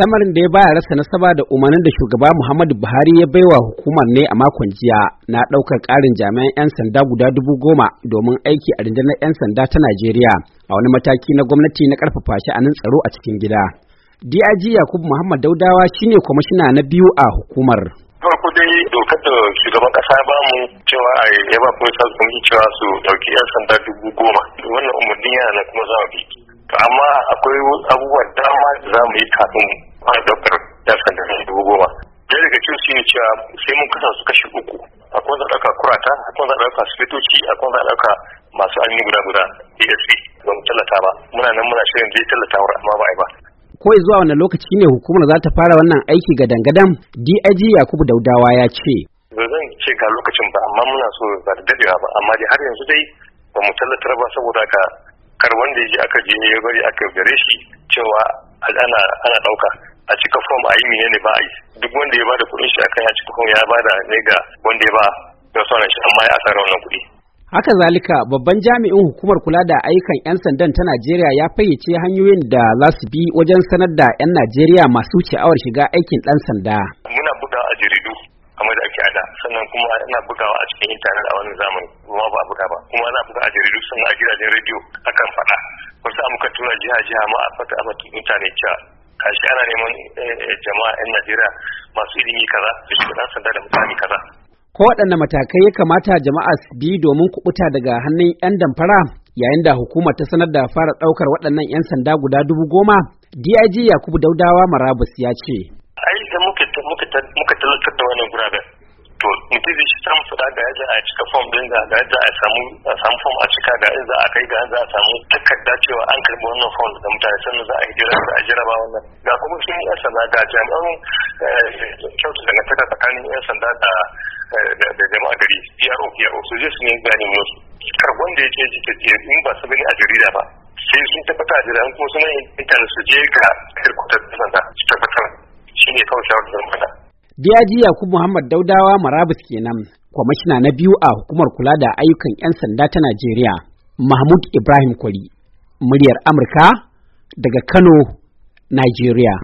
lamarin da ya baya rasa nasaba da umarnin da shugaba Muhammadu Buhari ya baiwa hukumar ne a makon jiya na ɗaukar karin jami'an 'yan sanda guda dubu goma domin aiki a rundunar 'yan sanda ta Najeriya a wani mataki na gwamnati na karfafa sha'anin tsaro a cikin gida. DIG Yakubu Muhammad Daudawa shine kwamishina na biyu a hukumar. farko dokar da shugaban kasa ba bamu cewa a yaba kuma sa cewa su dauki 'yan sanda dubu goma wannan umarni yana kuma za bi amma akwai abubuwan dama da za mu yi kafin a daukar yan da da dubu goma da daga cikin su ne cewa sai mun kasa su kashe uku akwai za ɗauka kurata akwai za ɗauka sifitoci akwai za ɗauka masu almi guda guda asp ba mu tallata ba muna nan muna shirin zai tallata wa amma ba a yi ba kawai zuwa wani lokaci ne hukumar za ta fara wannan aiki ga dangadan dig yakubu daudawa ya ce ba zan ce ga lokacin ba amma muna so ba da dadewa ba amma dai har yanzu dai ba mu tallatar ba saboda ka kar wanda ya je aka je ya bari aka gare shi cewa ana ana dauka a cika form a yi ne ba a yi duk wanda ya bada kuɗin shi akan ya cika form ya bada ne ga wanda ya ba da sauran shi amma ya asara wannan kuɗi Haka zalika babban jami'in hukumar kula da ayyukan 'yan sandan ta Najeriya ya fayyace hanyoyin da za su bi wajen sanar da 'yan Najeriya masu sha'awar shiga aikin ɗan sanda. Muna sannan kuma ina bugawa a cikin intanet a wannan zamani kuma ba buga ba kuma ana buga a jaridu sannan a gidajen rediyo akan faɗa wasu muka tura jiha jiha ma a fata a mutane cewa kashi ana neman eh, jama'a 'yan Najeriya masu ilimi kaza su shiga sanda da mutane kaza. Ko waɗanne matakai ya kamata jama'a su bi domin kuɓuta daga hannun 'yan damfara yayin da hukumar ta sanar da fara ɗaukar waɗannan 'yan sanda guda dubu goma DIG Yakubu Daudawa Marabus ya ce. Ai da muka tallata da wannan guraben to mutum zai san fada ga yadda a cika fom din ga yadda a samu a fom a cika ga yadda a kai ga yadda a samu takarda cewa an karbi wannan fom da mutane sannan za a yi jira a ba wannan ga kuma sun yi sanda ga jami'an eh, kyautu taka tsakanin yan sanda da eh, da jama'a gari PRO PRO su je su ne gane musu karban da yake jike ke in ba su gani a jarida ba sai sun tabbata a jarida kuma suna intanet su je ga kirkutar sanda su tabbatar shi ne kawai shawarar da Diyaji Yakubu Muhammad Daudawa Marabus kenan, kwamishina na biyu a hukumar kula da ayyukan 'yan sanda ta Najeriya, Mahmud Ibrahim Kwari, muryar Amurka daga Kano, Najeriya.